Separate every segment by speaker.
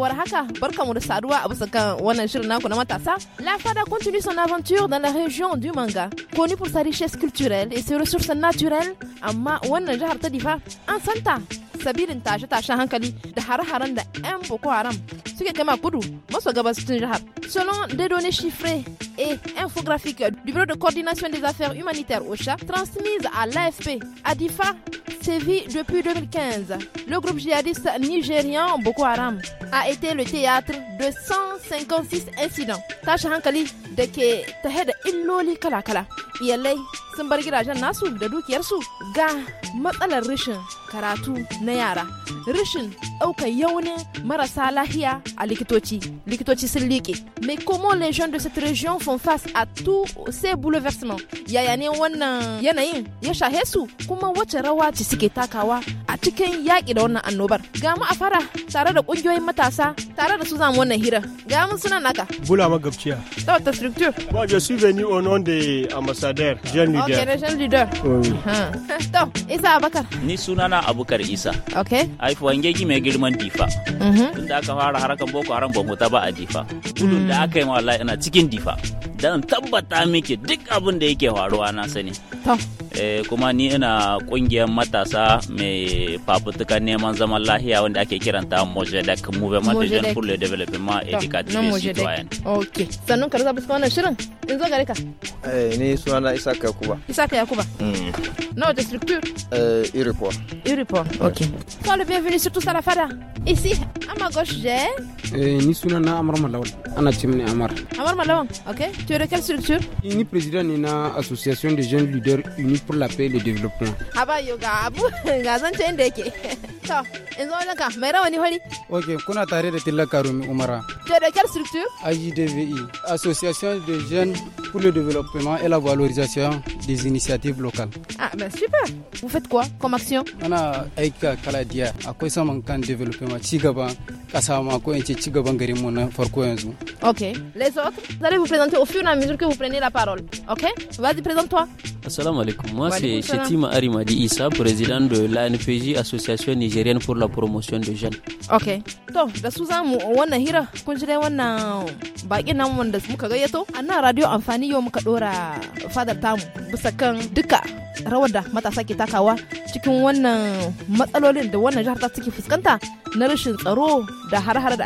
Speaker 1: war haka barkamu da saduwa a bisa kan wannan shirin naku na matasa. La Fada continue son aventure dans la région du manga, connue pour sa richesse culturelle et ses ressources naturelles, amma wannan jihar ta Difa an santa sabilin tashe-tashen hankali da har-haren da 'yan Boko Haram suke gama kudu maso gabashin jihar. Selon des données chiffrées et infographiques du Bureau de coordination des affaires humanitaires OCHA, transmises à l'AFP, Adifa sévit depuis 2015. Le groupe djihadiste nigérien Boko Haram a été le théâtre de 156 incidents. Tashi hankali da ke tahe illoli Kalakala, kala Iyalai sun bar gidajen nasu da dukiyarsu ga matsalar Rishin, karatu na yara, rashin ɗaukar yaunin marasa lahiya à Likitochi. Likitoti, c'est Liki. Mais comment les gens de cette région font face à tous ces bouleversements Yayane wannan yanayin ya shahe su kuma wace rawa ci suke takawa a cikin yaƙi da wannan annobar. Ga mu a tare da ƙungiyoyin matasa tare da su zamu wannan hira. Ga mu suna naka.
Speaker 2: Bula magabciya.
Speaker 1: Toi ta structure.
Speaker 2: Moi je suis venu au nom des ambassadeurs, jeune leader. Ok, les
Speaker 1: jeune leader. Oui. Toi, Isa Abakar.
Speaker 3: Ni sunana Abukar Isa. Ok. Haifuwan gegi mai girman difa. Mhm. Tunda voir fara harkan boko haram ba mota ba a difa gudun da aka yi ma wallahi ina cikin difa dan tabbata miki duk abin da yake faruwa na sani eh, kuma ni ina kungiyar matasa mai fafutukan neman zaman lahiya wanda ake kiranta Mojedek Movement de Jeunes pour le Développement Éducatif et Citoyen.
Speaker 1: Ok. Sannan ka rasa wannan shirin? In zo gare ka.
Speaker 4: Eh ni sunana Isaka Yakuba. Isaka Yakuba. Mm.
Speaker 1: Nawa no, structure?
Speaker 5: eh Iripor. Iripor. Ok. Eh.
Speaker 1: so le bienvenue sur tout ça la fada. Ici, à ma gauche, j'ai
Speaker 5: Eh, ni sunana Amar Malawal. Ana ce Amar.
Speaker 1: Amar Malawal, ok. Tu es de quelle structure?
Speaker 5: Ni président ne na association des jeunes leaders unis pour la paix et
Speaker 6: le développement.
Speaker 1: Haba yoga, abu ga zan ce inda yake. To, in zo mai rawani
Speaker 6: Ok, kuna tare da Tilla Karumi Umara.
Speaker 1: Tu es de quelle structure?
Speaker 6: AJDVI, association des jeunes pour le développement et la valorisation des initiatives locales. Ah
Speaker 1: ben super. Vous faites quoi comme action? Ana
Speaker 6: aika kala diya akwai saman kan development cigaba kasa ma in ce ci gaban na farko yanzu.
Speaker 1: Ok. Les autres, vous allez vous présenter au fur et à mesure que vous prenez la parole. Ok? Vas-y, présente-toi.
Speaker 6: Assalamu alaikum. Moi, c'est
Speaker 1: Chetima
Speaker 7: Arimadi Issa, président de l'ANPJ, Association nigérienne pour la promotion des jeunes.
Speaker 1: Ok. To, da su za mu wannan hira kun ji dai wannan bakin namu wanda muka gayyato. A nan radio amfani yau muka dora Father tamu bisa kan duka rawar da matasa takawa cikin wannan matsalolin da wannan jihar ta take fuskanta na rashin tsaro da har-har da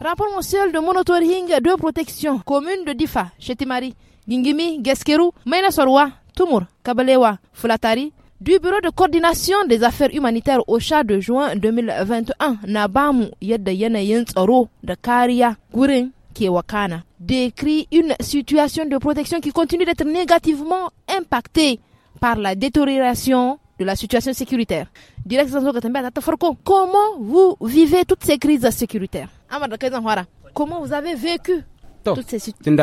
Speaker 1: Rapport mensuel de monitoring Hinga de Protection, commune de Difa, Chetimari, Gingimi, Geskeru, Maina Sorwa, Tumur, Kabalewa, Fulatari, du Bureau de coordination des affaires humanitaires au chat de juin 2021 Nabamu bamu yadda yanayin tsaro da kariya gurin ke Décrit une situation de protection qui continue d'être négativement impactée par la détérioration de la situation sécuritaire. Direct comment vous vivez toutes ces crises sécuritaires Comment vous avez vécu toutes ces
Speaker 5: situations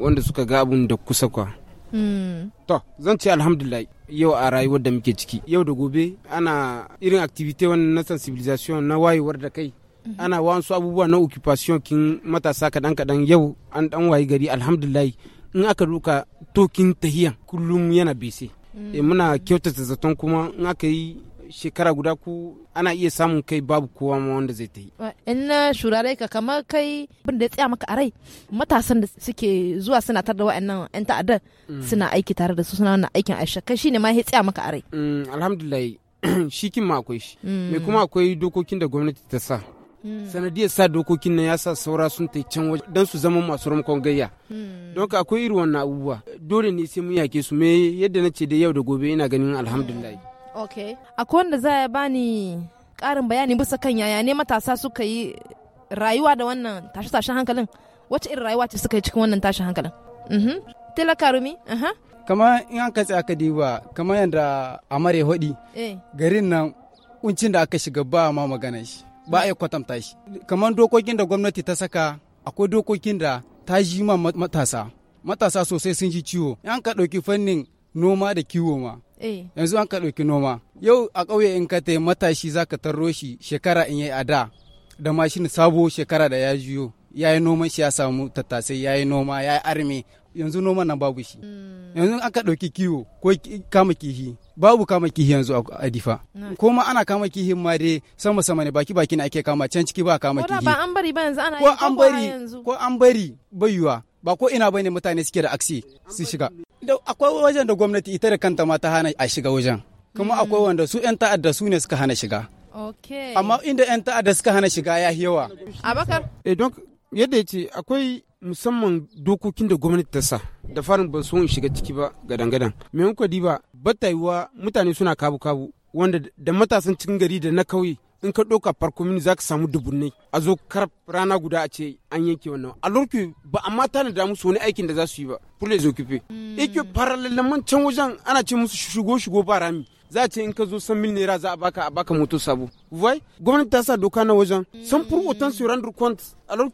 Speaker 5: wanda suka da kusa kwa. Hmm. To, zan ce alhamdulillah yau a rayuwar da muke ciki. Yau da gobe ana irin activity wannan na sensibilisation na wayewar da kai. Mhm. Ana wasu abubuwa na occupation kin matasa kadan kadan yau an dan wayi gari alhamdulillah in aka duka kin tahiyan kullum yana bese. e muna kyautata zaton kuma in aka yi shekara guda ku ana iya samun kai babu kowa ma wanda zai ta yi.
Speaker 1: In na shurare ka kamar kai bin da ya tsaya maka a rai matasan da suke zuwa suna tar da wa'annan 'yan ta'adda mm. suna aiki tare da su suna wannan aikin aisha kai ne ma ya tsaya maka a rai.
Speaker 5: Mm, alhamdulillah shi kin ma akwai shi. Me kuma akwai dokokin da gwamnati ta sa. Mm. sanadiyar sa dokokin nan ya sa saura sun ta can waje don su zama masu ramkon gayya mm. don ka akwai irin wannan abubuwa dole ne sai mun yake su me yadda na ce da yau da gobe ina ganin alhamdulillah mm.
Speaker 1: ok akwai wanda za ya bani karin bayani bisa kan yaya ne matasa suka yi rayuwa da wannan tashe-tashen hankalin wacce irin rayuwa ce suka yi cikin wannan tashin hankalin mhm. talaka
Speaker 6: kama in an katse aka diba kama yadda a mare hodi eh. garin nan kuncin da aka shiga ba ma magana shi ba a kwatanta shi kamar dokokin da gwamnati ta saka akwai dokokin da ta ji ma matasa matasa sosai sun ji ciwo an ka ɗauki fannin noma da kiwo ma eh. yanzu an ka ɗauki noma yau a ƙauye in ka yi matashi za ka tarro shi shekara in yi a da da mashin sabo shekara da ya juyo ya yi noman shi ya samu tattasai ya yi noma ya yi arme yanzu noman nan babu shi mm. yanzu an ka ɗauki kiwo ko kama kihi babu kama kihi yanzu a difa ko ma ana kama kihi ma dai sama sama ne baki baki ne ake kama can ciki ba kama kihi ba an
Speaker 1: bari ba yanzu ana ko an bari
Speaker 6: ko an bari bayuwa ba ko ina bane mutane suke da aksi su shiga da akwai wajen da gwamnati ita da kanta ma ta hana a shiga wajen kuma hmm. akwai wanda su yan ta'adda su ne suka hana shiga amma inda yan ta'adda suka hana shiga ya yawa abakar eh don yadda ce akwai
Speaker 5: musamman dokokin da gwamnati ta sa da farin ban so in shiga ciki ba gadan-gadan me ba ba bata yiwa mutane suna kabu-kabu wanda da matasan cikin gari da na kauye in ka ɗauka farko mini za ka samu dubu-ne. a zo karf rana guda a ce an yanke wannan a lorke ba amma ta da musu wani aikin da za su yi ba pule zo kife ike man can wajen ana ce musu shigo shigo ba rami za a ce in ka zo san mil naira za a baka a baka moto sabo vai gwamnati ta sa doka na wajen hmm. san pour autant se rendre a alors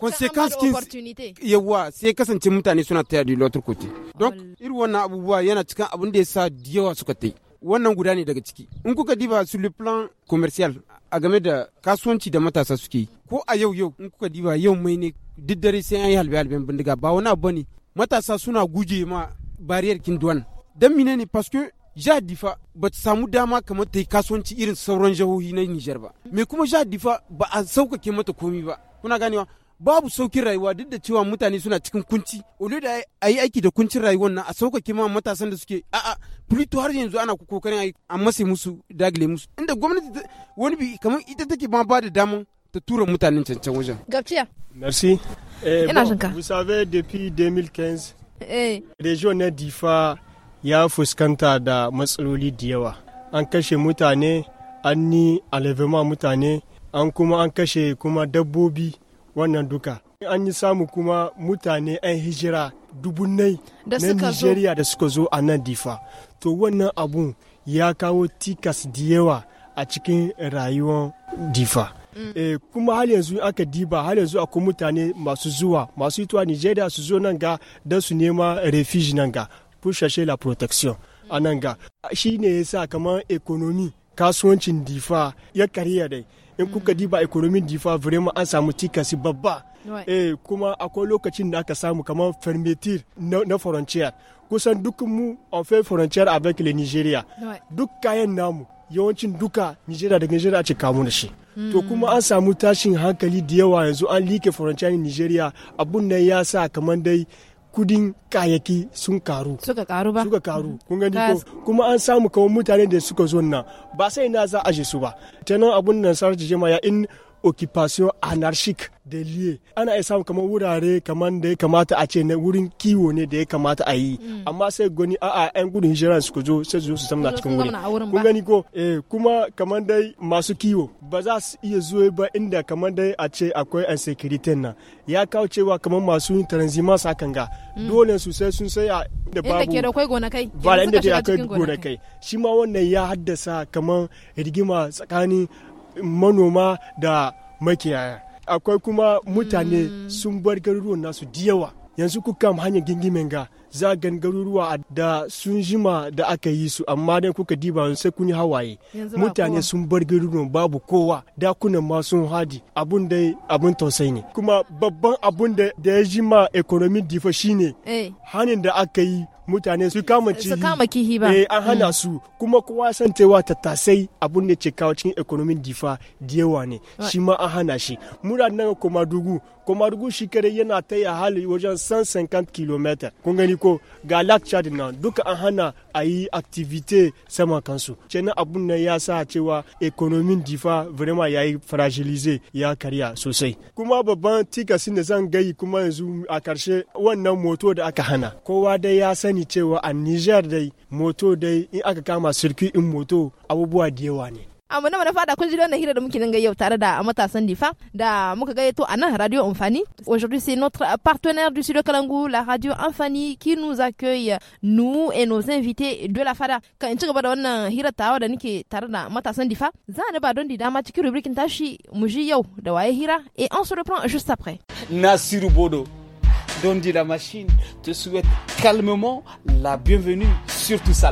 Speaker 5: consequence kin yawa sai kasance mutane suna taya da lotar kote don irin wannan abubuwa yana cikan abun da yasa diwa suka tai wannan guda ne daga ciki in kuka diba sur le plan commercial a game da kasuwanci da matasa suke ko a yau yau in kuka diba yau mai ne duk dare sai an yi halbe halben bindiga ba wani abu ne matasa suna guje ma bariyar kinduwan dan mine ne parce que ja difa ba ta samu dama kamar ta yi kasuwanci irin sauran jihohi na nijar ba me kuma ja difa ba a sauƙaƙe mata komi ba kuna ganewa babu saukin rayuwa duk da cewa mutane suna cikin kunci olu da a yi aiki da kuncin rayuwar nan a saukake ma matasan da suke a'a plito har yanzu ana kokarin a masa musu dagile musu inda gwamnati wani bi kamar
Speaker 2: ita take ma ba da dama. ta tura mutanen cancan wajen gabciya merci eh, ina eh, bon, vous savez depuis 2015 eh. région na difa ya fuskanta da matsaloli da yawa an kashe mutane an ni alevema mutane an kuma an kashe kuma dabbobi wannan duka an yi samu kuma mutane 'yan hijira dubunai na nigeria da suka zo a nan difa to wannan abun ya kawo tikas da yawa a cikin rayuwar difa mm. eh, kuma har yanzu aka diba har yanzu akwai mutane masu zuwa masu ituwa nigeria su zo nan ga don su nema refugee nan ga pushashe la protection a nan ga shi ne ya sa kamar ekonomi kasuwancin difa ya karya dai in kuka diba economy difa vraiment an samu cikasi babba eh kuma akwai lokacin da aka samu kamar fermetir na frontier kusan duk mu on fait frontier avec le Nigeria duk kayan namu yawancin duka Nigeria daga Nigeria ce kamu da shi hmm. to kuma an samu tashin hankali da yawa yanzu an like frontier Nigeria abun nan ya sa kamar dai kudin kayaki sun karu suka karu ba suka karu mm-hmm. kun gani ko kuma an samu kawo mutane da suka zo nan ba sai na za a je su ba tanan abun nan sarji ya in occupation anarchique de lieu ana iya samun kamar wurare kamar da ya kamata a ce na wurin kiwo ne da ya kamata a yi mm. amma sai gani a yan gudun hijiran su zo sai su zo su zamna cikin wurin kun gani ko eh kuma kamar dai masu kiwo ba za su iya zuwa ba inda kamar dai a ce akwai security na ya kawo cewa kamar masu yin taranzima sa kanga mm. dole su sai sun sai da babu inda
Speaker 1: ke gonakai ba inda ke akwai gonakai
Speaker 2: shi ma wannan ya haddasa kamar rigima tsakanin manoma da makiyaya akwai kuma mutane mm. sun bar garuruwan nasu diyawa yawa yanzu kuka hanyar gingimen ga zagan garuruwa da sun jima da aka yi su amma dai kuka diba sai kun yi hawaye mutane sun bar garuruwan babu kowa dakunan ma sun hadi abun dai abun tausayi ne kuma babban abun da ya jima economic difa shine eh. hanin da aka yi mutane su kama kihi ba eh an hana mm. su kuma kowa san cewa tattasai abun da ke kawo cikin economic difa diyawa ne shi ma an hana shi mura nan kuma dugu kuma dugu shi kare yana ta ya hali wajen 150 kilometer kun gani ko ga lak chad na duka an hana a yi activity sama kansu na abun nan ya sa cewa economin difa vraiment ya yi fragilize ya karya sosai kuma babban tikasin da zan gayi kuma yanzu a karshe wannan moto da aka hana kowa dai ya sani cewa a niger dai moto dai in aka kama sirki in moto abubuwa da yawa ne
Speaker 1: a mu na manafa da kun ji wannan hira da muke nan yau tare da matasan difa da muka gayyato a nan radio amfani aujourd'hui c'est notre partenaire du studio kalangu la radio amfani qui nous accueille nous et nos invités de la fada kan in ci gaba da wannan hira tawa da nake tare da matasan difa za ni ba don di dama cikin rubrikin tashi mu ji yau da waye hira et on se reprend juste après
Speaker 8: nasiru bodo Dondi la machine te souhaite calmement la bienvenue sur tout ça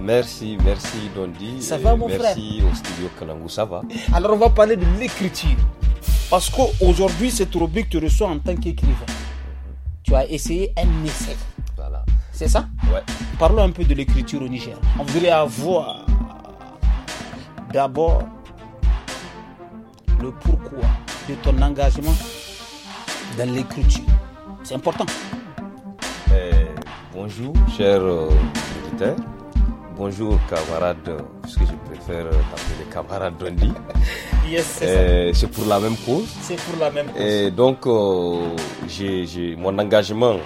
Speaker 9: Merci, merci Dondi. Ça va euh, mon frère Merci au studio Kalangu, ça va.
Speaker 8: Alors on va parler de l'écriture. Parce qu'aujourd'hui, cette rubrique te reçoit en tant qu'écrivain. Tu as essayé un essai. Voilà. C'est ça Ouais. Parlons un peu de l'écriture au Niger. On voudrait avoir d'abord le pourquoi de ton engagement dans l'écriture.
Speaker 9: C'est important. Euh, bonjour, cher euh, auditeurs. Bonjour, parce euh, que je préfère les camarades d'Ondi. Yes, c'est pour la même cause. C'est pour la même cause. Et donc, j'ai mon engagement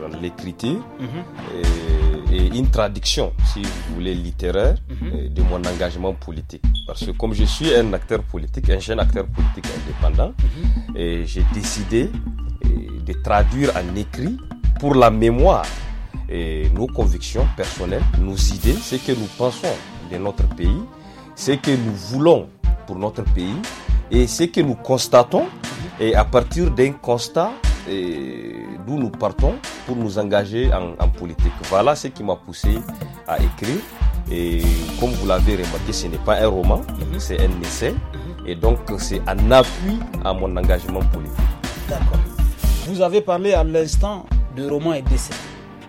Speaker 9: dans l'écriture mhm. et, une traduction, si vous voulez, littéraire mhm. de mon engagement politique. Parce que comme je suis un acteur politique, un jeune acteur politique indépendant, mhm. j'ai décidé de traduire en écrit pour la mémoire nos convictions personnelles, nos idées, ce que nous pensons de notre pays, ce que nous voulons pour notre pays et ce que nous constatons et à partir d'un constat d'où nous partons pour nous engager en, politique. Voilà ce qui m'a poussé à écrire. Et comme vous l'avez remarqué, ce n'est pas un roman, c'est un essai. Et donc c'est un appui à mon engagement politique. D'accord.
Speaker 8: Vous avez parlé à l'instant de romans et d'essai.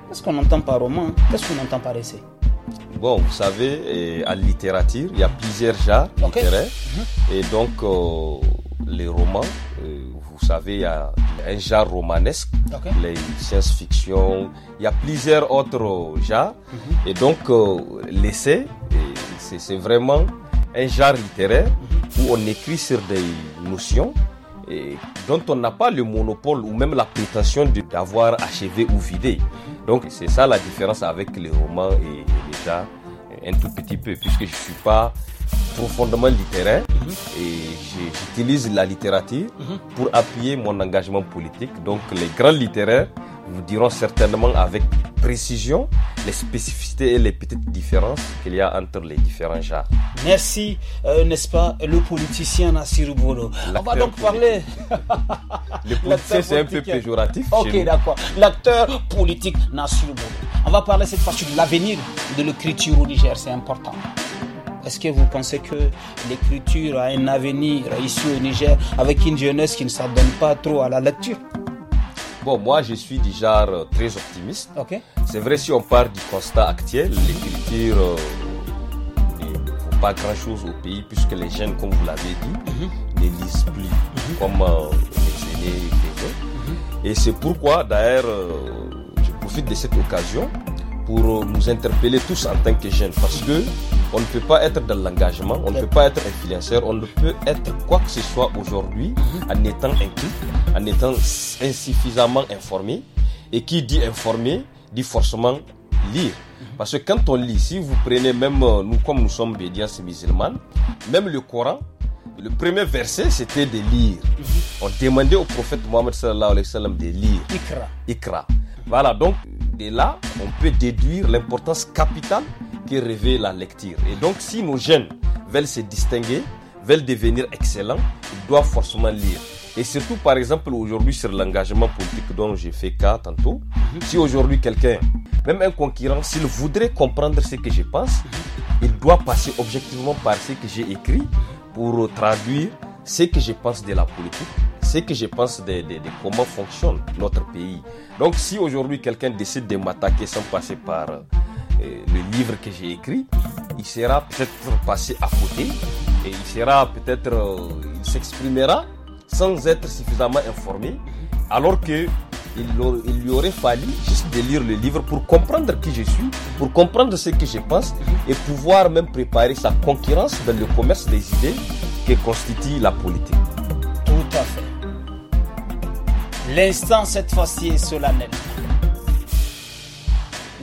Speaker 8: Qu'est-ce qu'on entend par roman Qu'est-ce qu'on entend par essai
Speaker 9: Bon, vous savez, en littérature, il y a plusieurs genres littéraires. Mhm. Et donc, euh, les romans, euh, vous savez, il y a un genre romanesque, les science-fiction, il y a plusieurs autres genres. Mhm. Et donc, euh, l'essai, c'est vraiment un genre littéraire mhm. où on écrit sur des notions dont on n'a pas le monopole ou même la prétention d'avoir achevé ou vidé. Donc c'est ça la différence avec les romans et, les déjà euh, un tout petit peu, puisque je ne suis pas profondément littéraire mhm. et j'utilise la littérature mhm. pour appuyer mon engagement politique. Donc les grands littéraires vous diront certainement avec précision les spécificités et les petites différences qu'il y a entre les différents genres.
Speaker 8: Merci, euh, n'est-ce pas, le politicien Nassir Boulo. On va donc parler.
Speaker 9: le politicien, c'est un peu péjoratif. Ok, d'accord.
Speaker 8: L'acteur politique Nassir On va parler cette fois-ci de l'avenir de l'écriture au Niger, c'est important. Est-ce que vous pensez que l'écriture a un avenir ici au Niger avec une jeunesse qui ne s'adonne pas trop à la lecture
Speaker 9: Bon, moi, je suis déjà euh, très optimiste. C'est vrai, si on part du constat actuel, l'écriture euh, ne vaut pas grand-chose au pays, puisque les jeunes, comme vous l'avez dit, mhm. ne lisent plus, mhm. comme euh, les aînés mhm. Et c'est pourquoi, d'ailleurs, je profite de cette occasion pour nous interpeller tous en tant que jeunes, parce que on ne peut pas être dans l'engagement, on ne peut pas être un influenceur, on ne peut être quoi que ce soit aujourd'hui mhm. en étant inquiet, en étant insuffisamment informé. Et qui dit informé dit forcément lire. Mhm. Parce que quand on lit, si vous prenez même euh, nous, comme nous sommes et musulmans, même le Coran, le premier verset, c'était de lire. Mhm. On demandait au prophète Mohammed sallallahu alayhi wa sallam de lire. Ikra. Ikra. Voilà, donc de là, on peut déduire l'importance capitale rêver la lecture. Et donc, si nos jeunes veulent se distinguer, veulent devenir excellents, ils doivent forcément lire. Et surtout, par exemple, aujourd'hui, sur l'engagement politique dont j'ai fait cas tantôt, mhm. si aujourd'hui quelqu'un, même un concurrent, s'il voudrait comprendre ce que je pense, il doit passer objectivement par ce que j'ai écrit pour traduire ce que je pense de la politique, ce que je pense de comment fonctionne notre pays. Donc, si aujourd'hui quelqu'un décide de m'attaquer sans passer par euh, le livre que j'ai écrit, il sera peut-être passé à côté et il sera peut-être, euh, il s'exprimera sans être suffisamment informé, alors que il, lui aurait fallu juste de lire le livre pour comprendre qui je suis, pour comprendre ce que je pense et pouvoir même préparer sa concurrence dans le commerce des idées que constitue la politique.
Speaker 8: Tout à fait. L'instant cette fois-ci est solennel.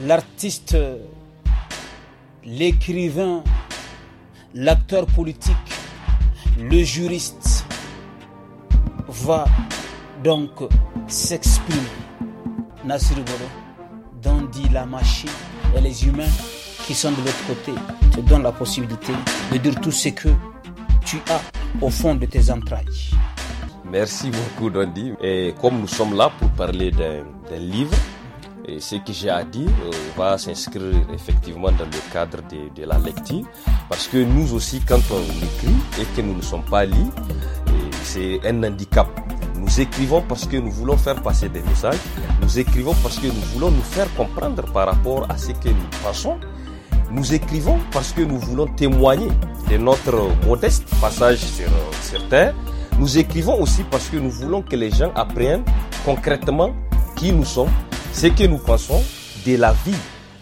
Speaker 8: L'artiste l'écrivain, l'acteur politique, le juriste va donc s'exprimer. Nassir Bodo, Dandi la machine et les humains qui sont de l'autre côté te donnent la possibilité de dire tout ce que tu as au fond de tes entrailles.
Speaker 9: Merci beaucoup, Dandi. Et comme nous sommes là pour parler d'un livre, et ce que j'ai à dire euh, va s'inscrire effectivement dans le cadre de, la lecture, parce que nous aussi, quand on écrit et que nous ne sommes pas lits, euh, c'est un handicap. Nous écrivons parce que nous voulons faire passer des messages, nous écrivons parce que nous voulons nous faire comprendre par rapport à ce que nous pensons, nous écrivons parce que nous voulons témoigner de notre modeste passage sur, sur Terre, nous écrivons aussi parce que nous voulons que les gens apprennent concrètement qui nous sommes ce que nous pensons de la vie,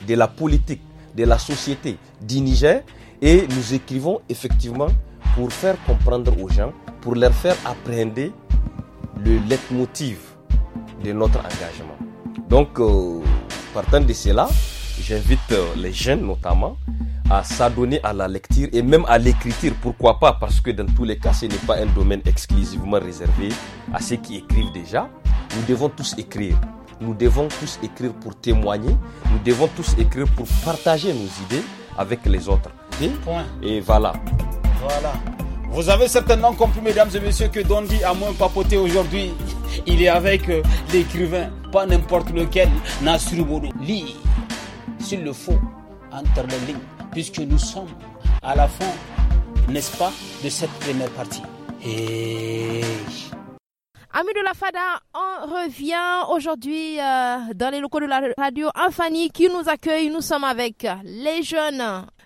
Speaker 9: de la politique, de la société du Niger et nous écrivons effectivement pour faire comprendre aux gens, pour leur faire appréhender le leitmotiv de notre engagement. Donc, euh, partant de cela, j'invite euh, les jeunes notamment à s'adonner à la lecture et même à l'écriture. Pourquoi pas Parce que dans tous les cas, ce n'est pas un domaine exclusivement réservé à ceux qui écrivent déjà. Nous devons tous écrire. Nous devons tous écrire pour témoigner, nous devons tous écrire pour partager nos idées avec les autres. Et, voilà. Voilà. Vous avez certainement
Speaker 8: compris, mesdames et messieurs, que Dondi a moins papoté aujourd'hui. Il est avec euh, l'écrivain, pas n'importe lequel, Nassir Bodo. s'il le faut, entre les lignes, puisque nous sommes à la fin, n'est-ce pas, de cette première partie. Et...
Speaker 1: Amis de la FADA, on revient aujourd'hui euh, dans les locaux de la radio Infani qui nous accueille. Nous sommes avec les jeunes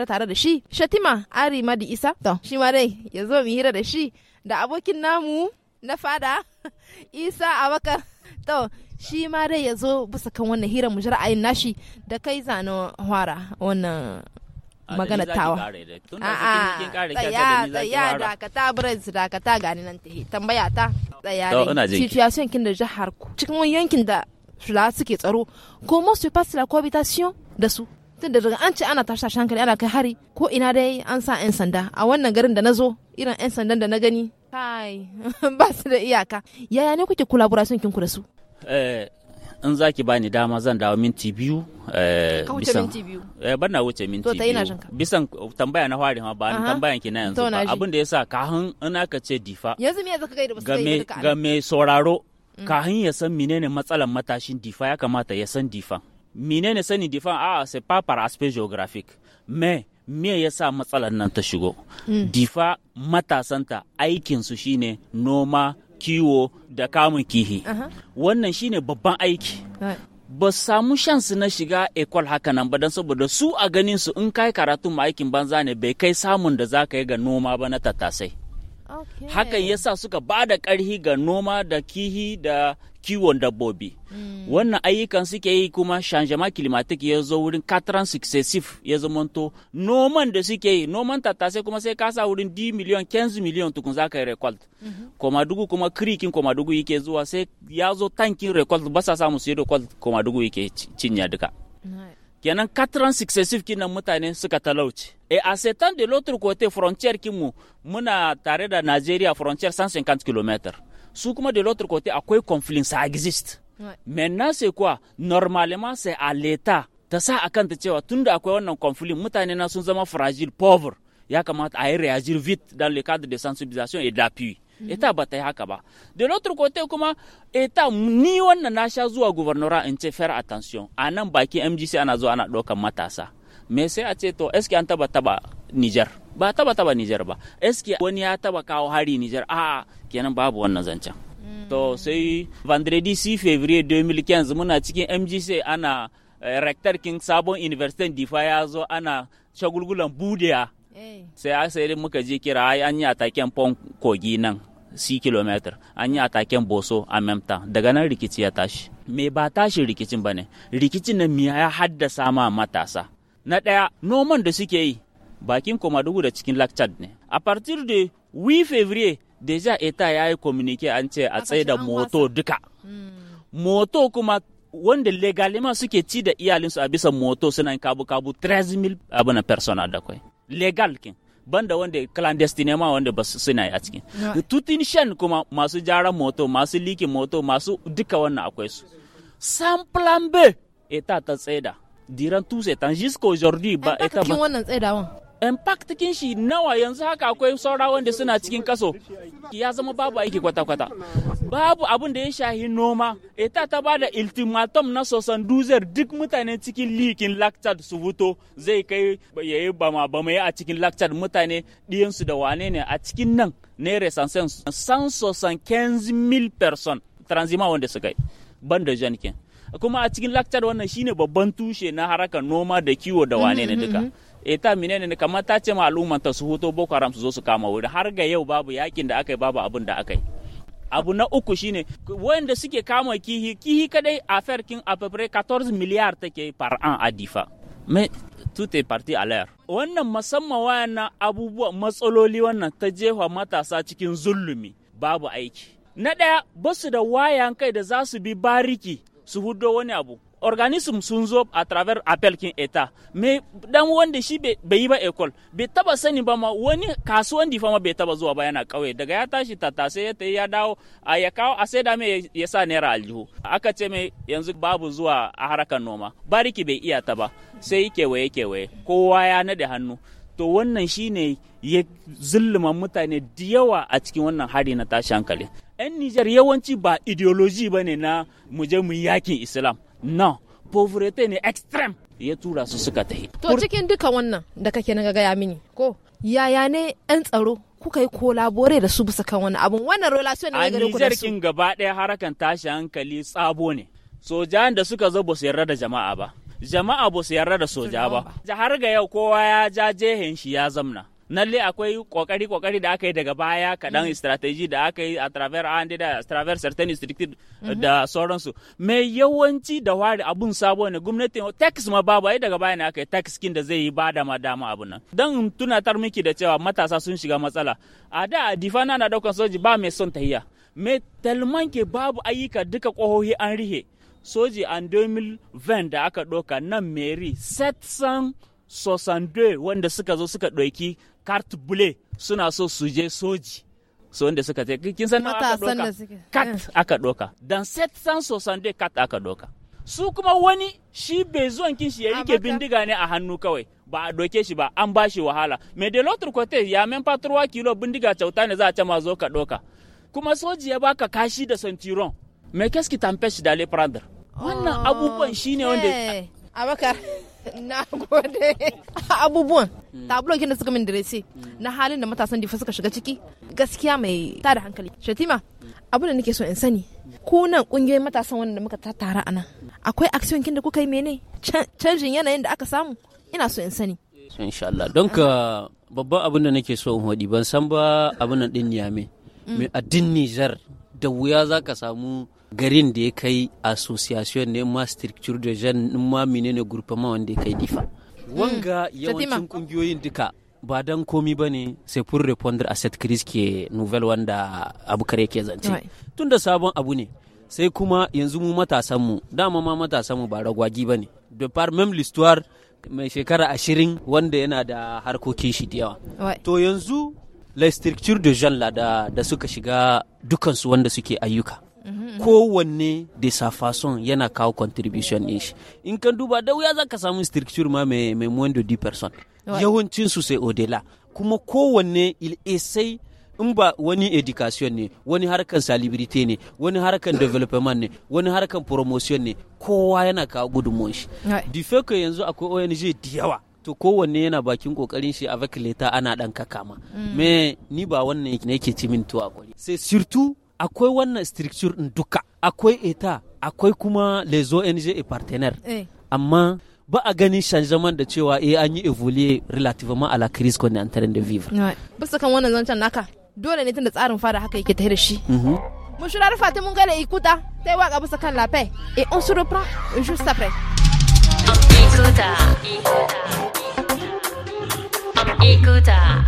Speaker 1: hira tare da shi shatima ari madi isa to shi ma dai ya zo mu hira da shi da abokin namu na fada isa abakar to shi ma dai ya zo bisa kan wannan hira mu ji ra'ayin nashi da kai zano hwara wannan magana tawa a'a tsaya tsaya dakata brez dakata gani nan ta tambaya ta tsaya dai situation kin da jihar ku cikin wani yankin da shula suke tsaro ko mosu passe la cohabitation da su tunda daga an ce ana tashi tashi hankali ana kai hari ko ina dai an sa 'yan sanda a wannan garin da na zo irin 'yan sandan da na gani kai ba su da iyaka yaya ne kuke collaboration kinku da su
Speaker 3: eh, in za ki bani dama zan dawo minti biyu. Eh, Ka eh, Ban na wuce minti biyu. Bisan tambaya na hwari ma ba ni tambayan ki na yanzu ba. Abin da ya sa kahin in aka ce difa. Yanzu
Speaker 1: me zaka gaida ba su Ga
Speaker 3: mai sauraro mm. kahin ya san menene matsalan matashin difa ya kamata ya san difan menene sani difan a c'est pas par aspect géographique mais me yasa matsalar nan ta shigo hmm. difa matasanta aikinsu shine noma kiwo da kamun kihi wannan shine babban aiki ba samu shansu na shiga ekol haka nan ba don saboda su a ganin su in kai karatu ma aikin banza ne bai kai samun da za ka yi ga noma ba na tattasai Okay. Hakan yasa suka ba da ƙarhi ga noma da kihi da kiwon dabbobi. Hmm. Wannan ayyukan suke yi kuma shanjama climatic ya zo wurin katran successive ya to noman da suke yi noman tattasai kuma sai kasa wurin d miliyon 15 miliyon tukun za ka yi recolt. koma mhm. dugu Komadugu kuma krikin komadugu yake zuwa sai ya zo tankin recolt ba sa samu su yi koma komadugu yake cinya duka. kenan katran successive kinan mutane suka talauci e a setan de l'autre côté frontière kinmu muna tare da nigeria frontière 150 km su kuma de l'autre côté akwai conflict ça existe ouais. maintenant c'est quoi normalement c'est à l'état ta sa akan ta cewa tunda akwai wannan conflict mutane na sun zama fragile pauvre ya kamata a yi réagir vite dans le cadre de sensibilisation et d'appui ita eh, ba ta yi haka ba da l'autre côté kuma ita eh, ni wannan na sha zuwa gouvernorat in ce faire attention a nan baki mgc ana zuwa ana ɗaukan matasa me sai a ce to eske an taba taba niger ba taba taba niger ba eske wani ya taba kawo hari niger a kenan babu wannan zancen to sai vendredi 6 février 2015 muna cikin mgc ana eh, rector king sabon university difa ya zo ana shagulgulan budiya sai a sai muka je kira ai an yi ataken kogi nan si kilometer an yi ataken boso a memta daga nan rikici ya tashi me ba tashi rikicin ba ne rikicin na miya ya haddasa ma matasa na ɗaya noman da suke yi bakin komadugu da cikin lakchad ne a partir de wi fevrier deja eta ya yi communique an ce a tsaye da moto duka hmm. moto kuma wanda legalima suke ci da iyalinsu a bisa moto suna kabu-kabu 13,000 abin personal da kwai legal kin banda wanda clandestine ma wanda ba suna a cikin tutin shan kuma masu jaran moto masu liki moto masu duka wannan akwai su san plan b eta ta tseda diran tuse etan jusqu'aujourd'hui ba eta ba wannan impact kin shi nawa yanzu haka akwai saura wanda suna cikin kaso ya zama babu aiki kwata-kwata babu abin da ya shahi noma ita ta ba da ultimatum na sosan duzar duk mutane cikin likin lactad su fito zai kai ya yi bama bama a cikin lactad mutane ɗiyansu da wane ne a cikin nan ne resansen san sosan kenzi mil person transima wanda suka yi ban da jankin kuma a cikin lactad wannan shine babban tushe na haraka noma da kiwo da wane ne duka mm-hmm, mm-hmm. eta minene ne kamar ta ce ma ta su hoto boko haram su zo su kama wuri har ga yau babu yakin da aka yi babu abin da aka yi abu na uku shine wanda suke kama kihi kihi kadai a ferkin a 14 miliyar take par an a difa me tout est parti à l'air wannan musamman wayannan abubuwa matsaloli wannan ta jefa matasa cikin zulumi babu aiki na daya basu da wayan kai da za su bi bariki su hudo wani abu organism sun zo a travers appel kin eta me dan wanda shi bai yi ba ecole bai taba sani ba ma wani kasuwan difa ma bai taba zuwa ba yana kauye daga ya tashi sai ya tayi ya dawo a ya kawo a sai da me ya sa naira aljihu aka ce mai yanzu babu zuwa a harkar noma bariki bai iya ta ba sai kewaye kewaye kowa ya nade hannu to wannan shine ya zulluman mutane da yawa a cikin wannan hari na tashi hankali 'yan nijar yawanci ba ideology ba ne na muje je mu yakin islam non pauvreté ne extrême ya tura su suka tafi
Speaker 1: to cikin duka wannan da kake na gaya mini ko yaya ne yan tsaro kuka yi kolabore da su bisa kan wani abun wannan relation ne gare ku da su a
Speaker 3: gaba ɗaya harakan tashi hankali tsabo ne sojan da suka zo ba su yarda da jama'a ba jama'a ba su yarda da soja ba har ga yau kowa ya ja jehen shi ya zamna lalle akwai kokari kokari da aka yi daga baya kaɗan mm. strategy da aka yi a travers and da travers certain -hmm. da sauransu me yawanci da wari abun sabo ne gwamnati tax ma babu ai daga baya ne aka yi tax kin da zai yi ba da madama abun nan dan tuna tunatar miki da cewa matasa sun shiga matsala a da difana na daukan soji ba mai son tahiya me talman ke babu ayyuka duka kohohi an rihe soji an 2020 da aka ɗauka nan meri 762 wanda suka zo suka ɗauki carte bule suna so su je soji su wanda suka ce kin san aka doka kat eh. aka doka dan 762 kat aka doka su kuma wani shi bai zuwan kin shi ya rike bindiga ne a hannu kawai ba a doke shi ba an ba shi wahala me de l'autre côté ya men patrowa kilo bindiga kyauta ne za a ce zo ka doka kuma soji ya baka kashi da santiron me qu'est-ce qui t'empêche d'aller prendre wannan oh, abubuwan shine wanda
Speaker 1: abakar na gode abubuwan hmm. tabulokin da suka min direse hmm. na halin da matasan difa suka shiga ciki gaskiya mai tada hankali shatima hmm. abu da nake so in sani ku nan kungiyoyin matasan wanda muka tattara a nan akwai aksiyon kin da kuka yi mene canjin yanayin da aka samu ina so in sani
Speaker 7: insha Allah don ka babban abin da nake so in hodi ban san ba abin nan din Me a din Nijar da wuya zaka samu garin da ya kai association ne ma structure de jeunes ma menene groupement wanda ya kai difa mm. wanga yawancin kungiyoyin duka ba dan komi ba ne sai pour répondre à cette crise qui est nouvelle wanda abu kare ke zance tun da sabon abu ne sai kuma yanzu mu matasan mu dama ma matasan mu ba ragwagi ba ne de par même l'histoire mai shekara ashirin wanda yana da harkokin shi da yawa to yanzu la structure de jeunes la da suka shiga dukansu wanda suke ayyuka Mhm, mhm. kowanne da sa fason yana kawo contribution din shi in kan duba da wuya za ka samu structure ma mai moins de 10 personnes yawancin su sai odela kuma kowanne il essaye in ba wani education ne wani harkan salibirite ne wani harkan development ne wani harkan promotion ne kowa yana kawo gudunmuwan shi difeka yanzu akwai ong da yawa to kowanne yana bakin kokarin shi a vakileta ana dan kakama mm. me ni ba wannan ne ke a tuwa kwari sai surtout akwai wannan structure ɗin duka akwai eta akwai kuma les ONG et partenaires eh. amma ba a ganin changement da cewa eh an yi évoluer relativement à la crise qu'on est en train de vivre
Speaker 1: bisa kan wannan zancen naka dole ne tunda tsarin fara haka yake tare shi mhm. mun shura rufa ta mun gane ikuta tai waka bisa kan la paix et on se reprend
Speaker 10: juste après ikuta ikuta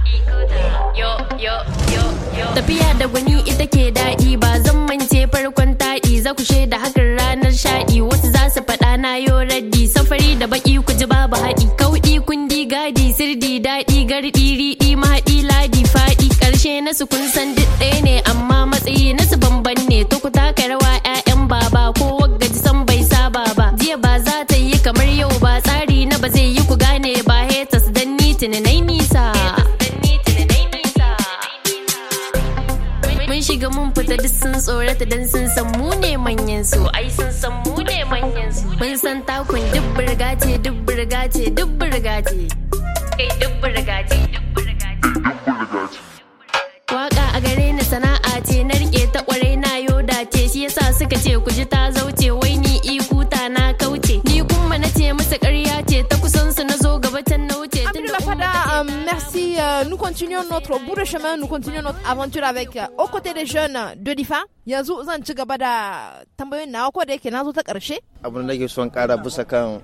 Speaker 10: yo yo yo yo tafiya da gwani ita ke daɗi ba zan mance farkon taɗi za ku shaida hakan ranar shaɗi wasu za su faɗa na yo raddi safari da baƙi, ku ji babu haɗi kauɗi kundi gadi sirdi daɗi garɗi riɗi mahaɗi ladi faɗi ƙarshe na su kun san duk ɗaya ne amma matsayi na su bamban ne to ku taka rawa 'ya'yan baba ko wagga ji san bai saba ba jiya ba za ta yi kamar yau ba tsari ta duk sun tsorata dan sun san mu ne manyan su ai sun san mu ne manyan su mun san takun
Speaker 1: merci. Euh, nous continuons notre bout de chemin, nous continuons notre aventure avec, euh, aux côtés des jeunes de Difa. Yanzu, zan ci gaba da tambayoyin na ko da yake na zo ta karshe.
Speaker 4: Abin da nake son kara bisa kan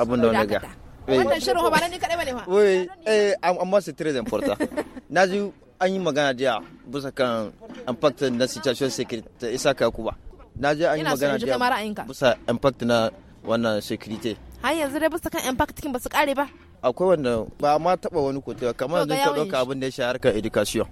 Speaker 1: abin da wani ga. Wannan shirin ba ni kaɗai bane fa.
Speaker 4: Oui, eh, amma c'est très important. N'azu an yi magana jiya bisa kan impact na situation sécurité isa ka kuba. Na an yi magana jiya bisa impact na wannan sécurité.
Speaker 1: Har yanzu da bisa kan impact kin ba su kare ba
Speaker 4: akwai wannan ba ma taba wani kotewa kamar yanzu ka ɗauka abin da ya shahar education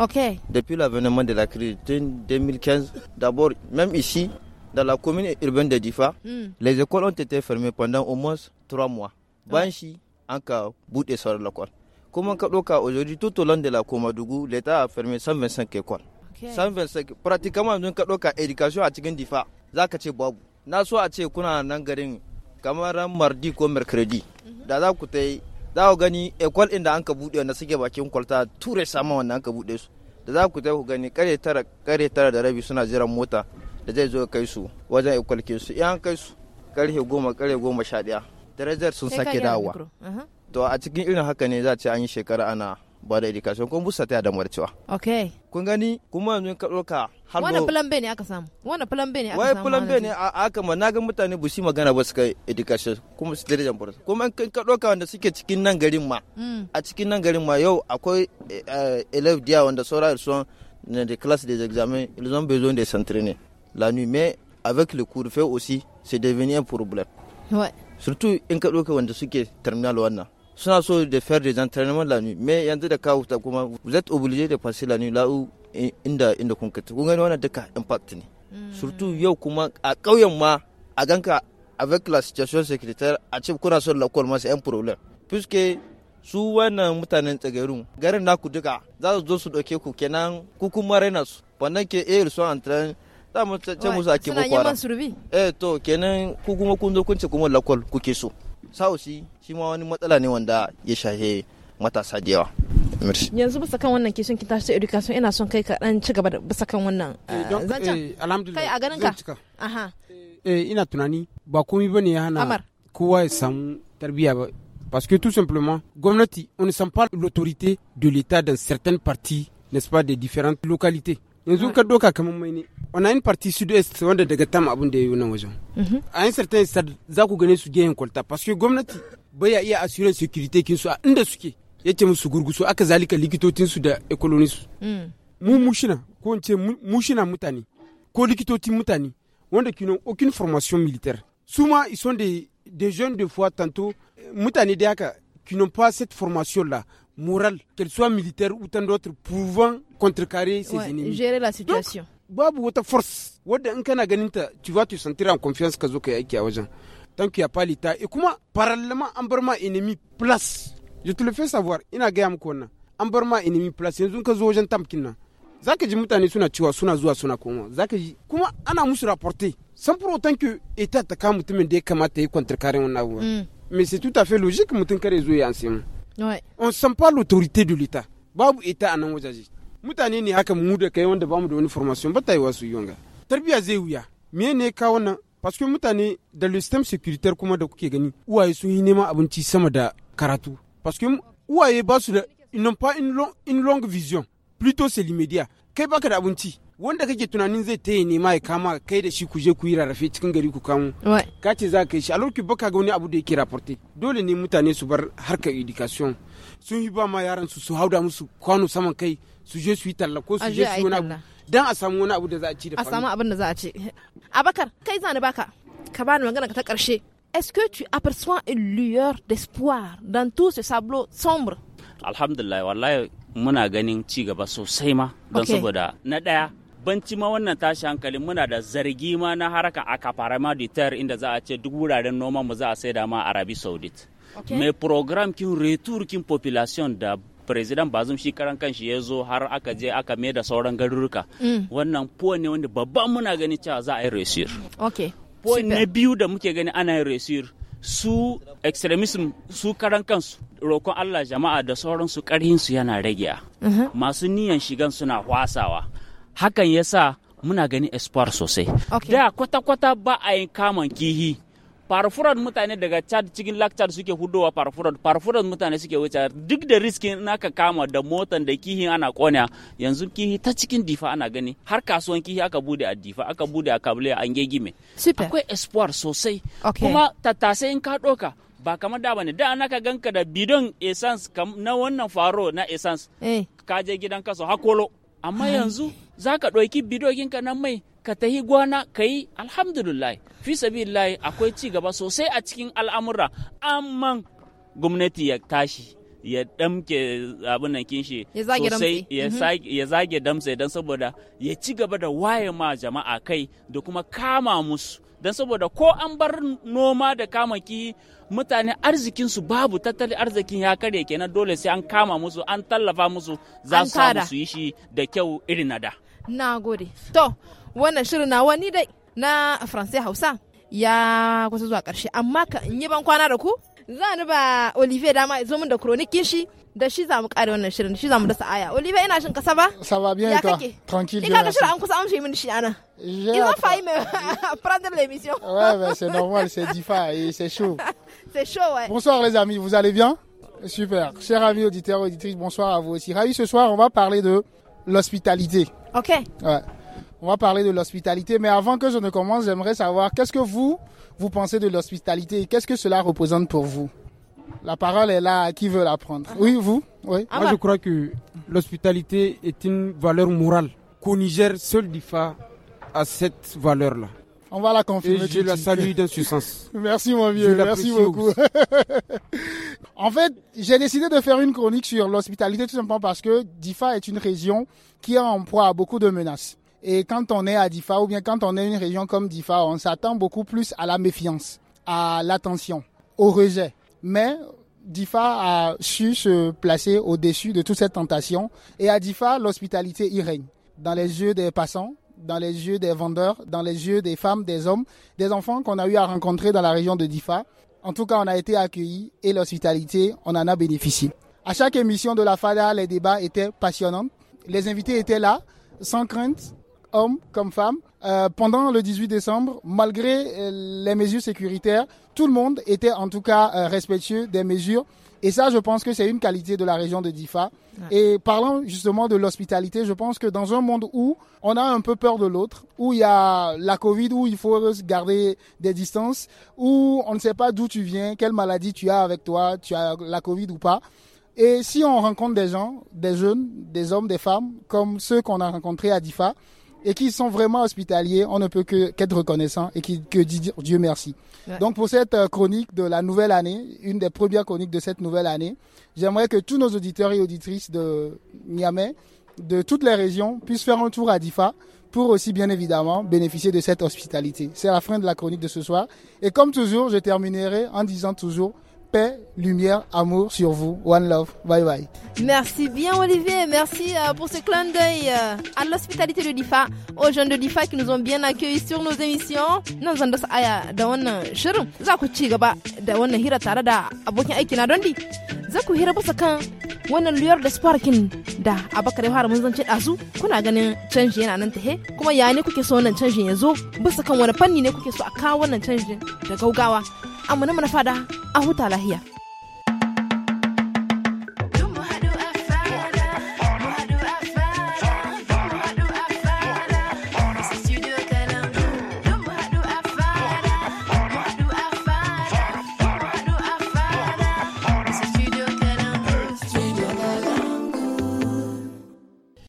Speaker 4: ok depuis l'avènement de la crise en 2015 d'abord même ici dans la commune urbaine de Difa hmm. les écoles ont été fermées pendant au moins trois mois Banshi, shi Bout ka buɗe sauran l'école kuma ka ɗauka aujourd'hui tout au long de la Komadougou l'état a fermé 125 écoles 125 pratiquement yanzu ka ɗauka education a cikin Difa za ka ce babu na so a ce kuna nan garin kamar mardi ko mercredi da za ku ta yi za ku gani ekwal inda an ka buɗe wanda suke bakin kwalta ture sama wanda an ka buɗe su da za ku ta ku gani kare tara kare da rabi suna jiran mota da zai zo kai su wajen ekwal ke su in an kai su karhe goma karhe goma sha ɗaya darajar sun sake dawowa uh-huh. to a cikin irin haka ne za a ce an yi shekara ana ba da education kuma busa ta da marcewa. Okay. kun gani kuma yanzu ka ɗauka har wani plan
Speaker 1: B aka samu wannan plan B aka samu wani plan B
Speaker 4: aka ma na ga mutane bu shi magana ba suka education kuma su darajar burus kuma an ka ɗauka wanda suke cikin nan garin ma hmm. a cikin nan garin ma yau akwai elef eh, eh, dia wanda saura son de classes des examens ils ont besoin de s'entraîner la nuit mais avec le cours fait aussi c'est devenu un problème ouais. surtout in ka ɗauka wanda suke terminal wannan suna so da faire des entraînements la nuit mais yanzu da kawo ta kuma vous êtes obligé de passer la nuit là où inda inda kun kata kun gani wannan duka impact ne hmm. surtout yau kuma a ƙauyen ma a ganka avec la situation sécuritaire a ce kuna son lakwal masu yan problem puisque su wannan mutanen tsagarin garin naku duka za su zo su ɗauke ku kenan ku kuma raina su wannan ke air su an tran za mu ce musu a kibo kwara eh to kenan ku kuma kun zo kun ce kuma lakwal kuke so sahoshi shi ma wani matsala ne wanda ya shahe matasa da yawa
Speaker 1: yanzu bisa kan wannan kishin kin tashi education ina son kai ka dan ci gaba da bisa kan wannan eh, eh, zancen eh, kai a ganin ka aha
Speaker 5: eh ina tunani ba komai bane ya hana kowa ya samu tarbiyya ba parce que tout simplement gwamnati on ne sent pas l'autorité de l'état dans certaines parties n'est-ce pas des différentes localités yanzu ka doka kamar mai ne on a parti sud-est wanda daga tam abin da ya yi nan wajen mhm. a yin certain stade za ku gane su gehen kwalta parce que gwamnati ya iya assurance security kin su a inda suke yake musu gurgusu aka zalika likitocin su da economy su mm. mu mushina ko in ce mushina mutane ko likitocin mutane wanda kinon okin formation militaire su ma ison sont des jeunes de foi tantôt mutane da haka kinon n'ont pas cette formation là morale, qu'elle soit militaire ou tant d'autres, pouvant contrecarrer ses ouais, ennemis. Gérer
Speaker 1: la situation.
Speaker 5: Donc, babu force wadda in tu vas te sentir en confiance ka zo a aiki a tant qu'il n'y a pas l'état et comment parallèlement Amberma ennemi place je te le fais savoir ina gaya muku wannan an ennemi place yanzu ka zo wajen tamkin zaka ji mutane suna cewa suna zuwa suna koma zaka ji kuma ana musu rapporter sans pour autant que état ta ka mutumin da ya kamata ya mm. mais c'est tout à fait logique mutum kare zo ya Ouais. On ne sent pas l'autorité de l'État. Babu État a nan wajaji. Mutane ne haka mu da kai wanda bamu da wani formation ba ta yi wasu yonga. Tarbiya zai wuya. Me ne ka wannan? Parce que mutane da le system sécuritaire kuma da kuke gani uwaye sun yi neman abinci sama da karatu. Parce que uwaye ba su da ils n'ont pas une, une longue vision. Plutôt c'est l'immédiat. Kai baka da abinci wanda kake tunanin zai taya nema ya kama kai da shi ku je ku yi rarrafe cikin gari ku kamo ka ce za ka yi shi a lokacin baka ga wani abu da yake raporte dole ne mutane su bar harkar education sun yi ba ma yaran su su hauda musu kwano saman kai su je su yi talla ko su je su yi wani abu dan a samu wani abu da za a ci da a samu abin
Speaker 1: da za a ci abakar kai zani baka ka ni magana ka ta karshe est-ce que tu aperçois une lueur d'espoir dans tout ce tableau sombre
Speaker 3: alhamdulillah wallahi muna ganin ci gaba sosai ma don saboda na daya banci ma wannan tashi hankalin muna da zargi ma na haraka a kafarama dutar inda za a ce duk wuraren noma mu za a saida ma arabi saudit mai program kin retur kin population da president bazum shi karan kanshi ya zo har aka je aka mai da sauran garuruka mm. wannan puwa ne wanda babban muna gani cewa za a yi resir puwa na biyu da muke gani ana yin resir su extremism su karan kansu roƙon Allah jama'a da sauransu ƙarhinsu yana rage mm-hmm. masu niyan shigan suna wasawa hakan ya sa muna gani espoir sosai da kwata-kwata ba a yin kamun kihi farfuran mutane daga chad cikin lak chad suke hudowa farfuran farfuran mutane suke wuce duk da riskin naka kama da motan da kihi ana kona yanzu kihi ta cikin difa ana gani har kasuwan kihi aka bude a difa aka bude a kabule an gegime akwai espoir sosai kuma tattasai in ka doka ba kamar da bane da naka ganka da bidon essence na wannan faro na essence eh. ka je gidan kaso hakolo amma yanzu za ka ɗauki bidoginka nan mai ka tahi gona ka yi alhamdulillah fi sabilillahi akwai cigaba sosai a cikin al'amura amma gwamnati ya tashi ya damke abin nan kinshi sosai ya mhm. zage damsa don saboda ya ci gaba da waye ma jama'a kai da kuma kama musu don saboda ko an bar noma da kamaki mutane arzikinsu babu tattalin arzikin ya karya kenan dole sai an kama musu an tallafa musu za su samu su yi shi da kyau irin na da.
Speaker 1: Na gode. To, wannan shirin na wani dai na Faransai Hausa ya kusa zuwa ƙarshe, amma ka in yi ban kwana da ku? zani ba Olivier dama zo mun da kronikin shi da shi za mu kare wannan shirin shi za mu dasa aya Olivier ina shin ka saba bien tranquille shirin an kusa amshi mun shi ana ils ont failli prendre l'émission ouais mais c'est normal
Speaker 11: c'est difa et c'est chaud c'est chaud ouais bonsoir les amis vous allez bien super chers amis auditeurs auditrices bonsoir à vous aussi ravi ce soir on va parler de l'hospitalité ok ouais on va parler de l'hospitalité, mais avant que je ne commence, j'aimerais savoir qu'est-ce que vous, vous pensez de l'hospitalité et qu'est-ce que cela représente pour vous La parole est là, à qui veut la prendre
Speaker 5: Oui, vous oui. Ah, Moi, je ah, bah. crois que l'hospitalité est une valeur morale. Qu'au Niger, seul DIFA a cette valeur-là.
Speaker 11: On va la confirmer. je la salue sens. Merci mon vieux, merci beaucoup. en fait, j'ai décidé de faire une chronique sur l'hospitalité tout simplement parce que Difa est une région qui a en proie à beaucoup de menaces. Et quand on est à Difa ou bien quand on est une région comme Difa, on s'attend beaucoup plus à la méfiance, à l'attention, au rejet. Mais Difa a su se placer au-dessus de toute cette tentation. Et à Difa, l'hospitalité y règne. Dans les yeux des passants, dans les yeux des vendeurs, dans les yeux des femmes, des hommes, des enfants qu'on a eu à rencontrer dans la région de Difa. En tout cas, on a été accueillis et l'hospitalité, on en a bénéficié. À chaque émission de la FADA, les débats étaient passionnants. Les invités étaient là, sans crainte, hommes comme femmes. Euh, pendant le 18 décembre, malgré euh, les mesures sécuritaires, tout le monde était en tout cas euh, respectueux des mesures. Et ça, je pense que c'est une qualité de la région de Difa. Et parlant justement de l'hospitalité, je pense que dans un monde où on a un peu peur de l'autre, où il y a la Covid, où il faut garder des distances, où on ne sait pas d'où tu viens, quelle maladie tu as avec toi, tu as la Covid ou pas. Et si on rencontre des gens, des jeunes, des hommes, des femmes, comme ceux qu'on a rencontrés à Difa, et qui sont vraiment hospitaliers, on ne peut que qu'être reconnaissant et qui, que dire Dieu merci. Donc pour cette euh, chronique de la nouvelle année, une des premières chroniques de cette nouvelle année, j'aimerais que tous nos auditeurs et auditrices de Niamey, de toutes les régions, puissent faire un tour à Difa pour aussi bien évidemment bénéficier de cette hospitalité. C'est la fin de la chronique de ce soir. Et comme toujours, je terminerai en disant toujours paix, lumière, amour sur vous. One love. Bye bye.
Speaker 1: Merci bien Olivier, merci euh, pour ce clin d'œil euh, à l'hospitalité de l'IFA, aux jeunes de l'IFA qui nous ont bien accueillis sur nos émissions. Nous zan aya da shirin za ku ci gaba da wannan hira tare da abokin aiki na Dondi. za ku hira basa kan wannan luyar da sparkin da abakar fara mun zance ɗazu kuna ganin canji yana nan tahe kuma ya ne kuke so wannan canjin ya zo basa kan wani fanni ne kuke so a kawo wannan canjin da gaugawa amma na mana fada a huta lahiya